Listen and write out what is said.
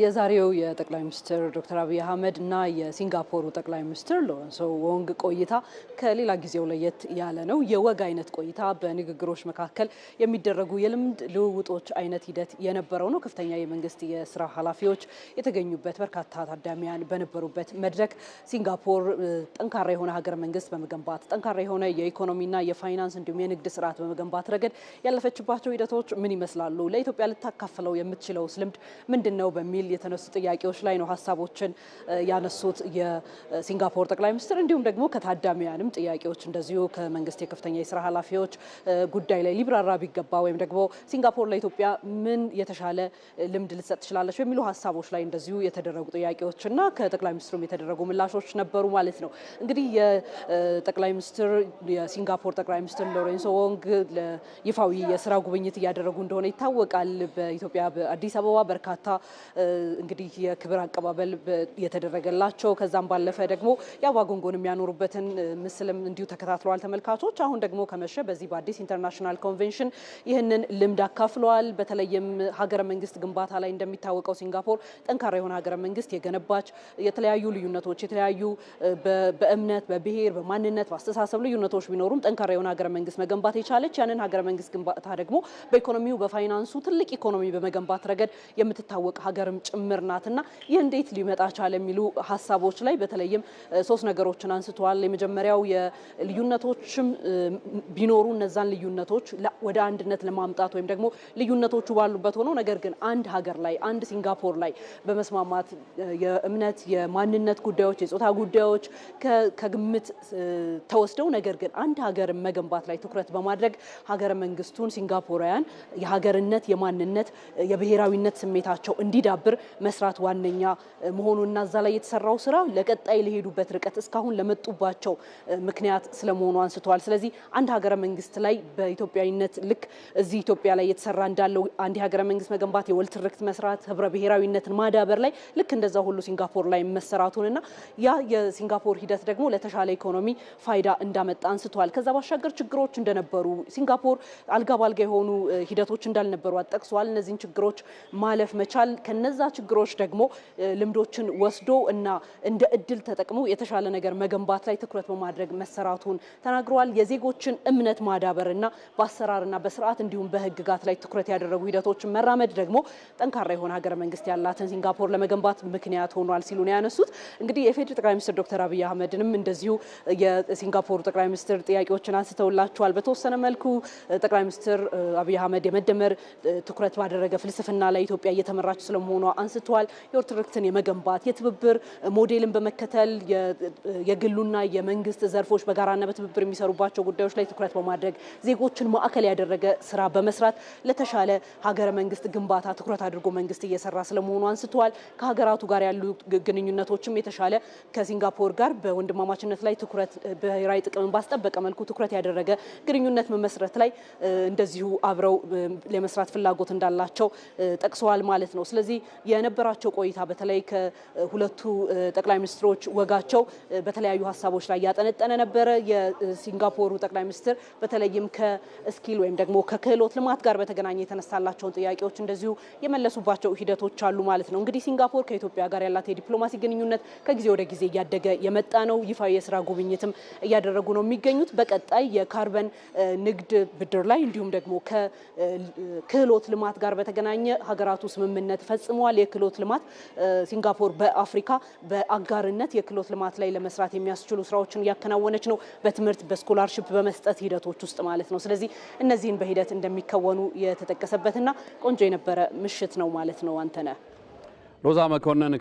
የዛሬው የጠቅላይ ሚኒስትር ዶክተር አብይ አህመድ እና የሲንጋፖሩ ጠቅላይ ሚኒስትር ሎረንሶ ወንግ ቆይታ ከሌላ ጊዜው ለየት ያለ ነው። የወግ አይነት ቆይታ በንግግሮች መካከል የሚደረጉ የልምድ ልውውጦች አይነት ሂደት የነበረው ነው። ከፍተኛ የመንግስት የስራ ኃላፊዎች የተገኙበት በርካታ ታዳሚያን በነበሩበት መድረክ ሲንጋፖር ጠንካራ የሆነ ሀገር መንግስት በመገንባት ጠንካራ የሆነ የኢኮኖሚና የፋይናንስ እንዲሁም የንግድ ስርዓት በመገንባት ረገድ ያለፈችባቸው ሂደቶች ምን ይመስላሉ፣ ለኢትዮጵያ ልታካፍለው የምትችለው ልምድ ምንድን ነው በሚል በሚል የተነሱ ጥያቄዎች ላይ ነው ሀሳቦችን ያነሱት የሲንጋፖር ጠቅላይ ሚኒስትር። እንዲሁም ደግሞ ከታዳሚያንም ጥያቄዎች እንደዚሁ ከመንግስት የከፍተኛ የስራ ኃላፊዎች ጉዳይ ላይ ሊብራራ ቢገባ ወይም ደግሞ ሲንጋፖር ለኢትዮጵያ ምን የተሻለ ልምድ ልትሰጥ ትችላለች በሚሉ ሀሳቦች ላይ እንደዚሁ የተደረጉ ጥያቄዎችና ከጠቅላይ ሚኒስትሩም የተደረጉ ምላሾች ነበሩ ማለት ነው። እንግዲህ የጠቅላይ ሚኒስትር የሲንጋፖር ጠቅላይ ሚኒስትር ሎሬንሶ ወንግ ይፋዊ የስራ ጉብኝት እያደረጉ እንደሆነ ይታወቃል። በኢትዮጵያ በአዲስ አበባ በርካታ እንግዲህ የክብር አቀባበል የተደረገላቸው ከዛም ባለፈ ደግሞ የአበባ ጎንጎን የሚያኖሩበትን ምስልም እንዲሁ ተከታትለዋል ተመልካቾች። አሁን ደግሞ ከመሸ በዚህ በአዲስ ኢንተርናሽናል ኮንቬንሽን ይህንን ልምድ አካፍለዋል። በተለይም ሀገረ መንግስት ግንባታ ላይ እንደሚታወቀው ሲንጋፖር ጠንካራ የሆነ ሀገረ መንግስት የገነባች የተለያዩ ልዩነቶች የተለያዩ በእምነት፣ በብሔር፣ በማንነት፣ በአስተሳሰብ ልዩነቶች ቢኖሩም ጠንካራ የሆነ ሀገረ መንግስት መገንባት የቻለች ያንን ሀገረ መንግስት ግንባታ ደግሞ በኢኮኖሚው በፋይናንሱ ትልቅ ኢኮኖሚ በመገንባት ረገድ የምትታወቅ ሀገርም ጭምር ናትና ይህ እንዴት ሊመጣ ቻለ የሚሉ ሀሳቦች ላይ በተለይም ሶስት ነገሮችን አንስተዋል። የመጀመሪያው የልዩነቶችም ቢኖሩ እነዛን ልዩነቶች ወደ አንድነት ለማምጣት ወይም ደግሞ ልዩነቶቹ ባሉበት ሆኖ ነገር ግን አንድ ሀገር ላይ አንድ ሲንጋፖር ላይ በመስማማት የእምነት የማንነት ጉዳዮች የጾታ ጉዳዮች ከግምት ተወስደው ነገር ግን አንድ ሀገርን መገንባት ላይ ትኩረት በማድረግ ሀገረ መንግስቱን ሲንጋፖራውያን የሀገርነት የማንነት የብሔራዊነት ስሜታቸው እንዲዳብር ትብብር መስራት ዋነኛ መሆኑና እዛ ላይ የተሰራው ስራ ለቀጣይ ለሄዱበት ርቀት እስካሁን ለመጡባቸው ምክንያት ስለመሆኑ አንስተዋል። ስለዚህ አንድ ሀገረ መንግስት ላይ በኢትዮጵያዊነት ልክ እዚህ ኢትዮጵያ ላይ የተሰራ እንዳለው አንድ ሀገረ መንግስት መገንባት፣ የወል ትርክት መስራት፣ ህብረ ብሔራዊነትን ማዳበር ላይ ልክ እንደዛ ሁሉ ሲንጋፖር ላይ መሰራቱንና ያ የሲንጋፖር ሂደት ደግሞ ለተሻለ ኢኮኖሚ ፋይዳ እንዳመጣ አንስተዋል። ከዛ ባሻገር ችግሮች እንደነበሩ ሲንጋፖር አልጋ ባልጋ የሆኑ ሂደቶች እንዳልነበሩ ጠቅሰዋል። እነዚህን ችግሮች ማለፍ መቻል ከነዛ ከነዛ ችግሮች ደግሞ ልምዶችን ወስዶ እና እንደ እድል ተጠቅሞ የተሻለ ነገር መገንባት ላይ ትኩረት በማድረግ መሰራቱን ተናግረዋል። የዜጎችን እምነት በአሰራር በአሰራርና በስርዓት እንዲሁም በህግጋት ላይ ትኩረት ያደረጉ ሂደቶችን መራመድ ደግሞ ጠንካራ የሆነ ሀገረ መንግስት ያላትን ሲንጋፖር ለመገንባት ምክንያት ሆኗል ሲሉ ነው ያነሱት። እንግዲህ የፌዴራል ጠቅላይ ሚኒስትር ዶክተር አብይ አህመድንም እንደዚሁ የሲንጋፖሩ ጠቅላይ ሚኒስትር ጥያቄዎችን አንስተውላቸዋል። በተወሰነ መልኩ ጠቅላይ ሚኒስትር አብይ አህመድ የመደመር ትኩረት ባደረገ ፍልስፍና ላይ ኢትዮጵያ እየተመራች ስለመሆኗ አንስተዋል። የኦርቶዶክስን የመገንባት የትብብር ሞዴልን በመከተል የግሉና የመንግስት ዘርፎች በጋራና በትብብር የሚሰሩባቸው ጉዳዮች ላይ ትኩረት በማድረግ ዜጎችን ማዕከል ያደረገ ስራ በመስራት ለተሻለ ሀገረ መንግስት ግንባታ ትኩረት አድርጎ መንግስት እየሰራ ስለመሆኑ አንስተዋል። ከሀገራቱ ጋር ያሉ ግንኙነቶችም የተሻለ ከሲንጋፖር ጋር በወንድማማችነት ላይ ትኩረት ብሔራዊ ጥቅምን ባስጠበቀ መልኩ ትኩረት ያደረገ ግንኙነት መመስረት ላይ እንደዚሁ አብረው ለመስራት ፍላጎት እንዳላቸው ጠቅሰዋል ማለት ነው። ስለዚህ የነበራቸው ቆይታ በተለይ ከሁለቱ ጠቅላይ ሚኒስትሮች ወጋቸው በተለያዩ ሀሳቦች ላይ ያጠነጠነ ነበረ። የሲንጋፖሩ ጠቅላይ ሚኒስትር በተለይም ከስኪል ወይም ደግሞ ከክህሎት ልማት ጋር በተገናኘ የተነሳላቸውን ጥያቄዎች እንደዚሁ የመለሱባቸው ሂደቶች አሉ ማለት ነው። እንግዲህ ሲንጋፖር ከኢትዮጵያ ጋር ያላት የዲፕሎማሲ ግንኙነት ከጊዜ ወደ ጊዜ እያደገ የመጣ ነው። ይፋ የስራ ጉብኝትም እያደረጉ ነው የሚገኙት። በቀጣይ የካርበን ንግድ ብድር ላይ እንዲሁም ደግሞ ከክህሎት ልማት ጋር በተገናኘ ሀገራቱ ስምምነት ፈጽመዋል። ተጠቅሟል። የክህሎት ልማት ሲንጋፖር በአፍሪካ በአጋርነት የክህሎት ልማት ላይ ለመስራት የሚያስችሉ ስራዎችን እያከናወነች ነው፣ በትምህርት በስኮላርሽፕ በመስጠት ሂደቶች ውስጥ ማለት ነው። ስለዚህ እነዚህን በሂደት እንደሚከወኑ የተጠቀሰበትና ቆንጆ የነበረ ምሽት ነው ማለት ነው። አንተነህ ሮዛ መኮንን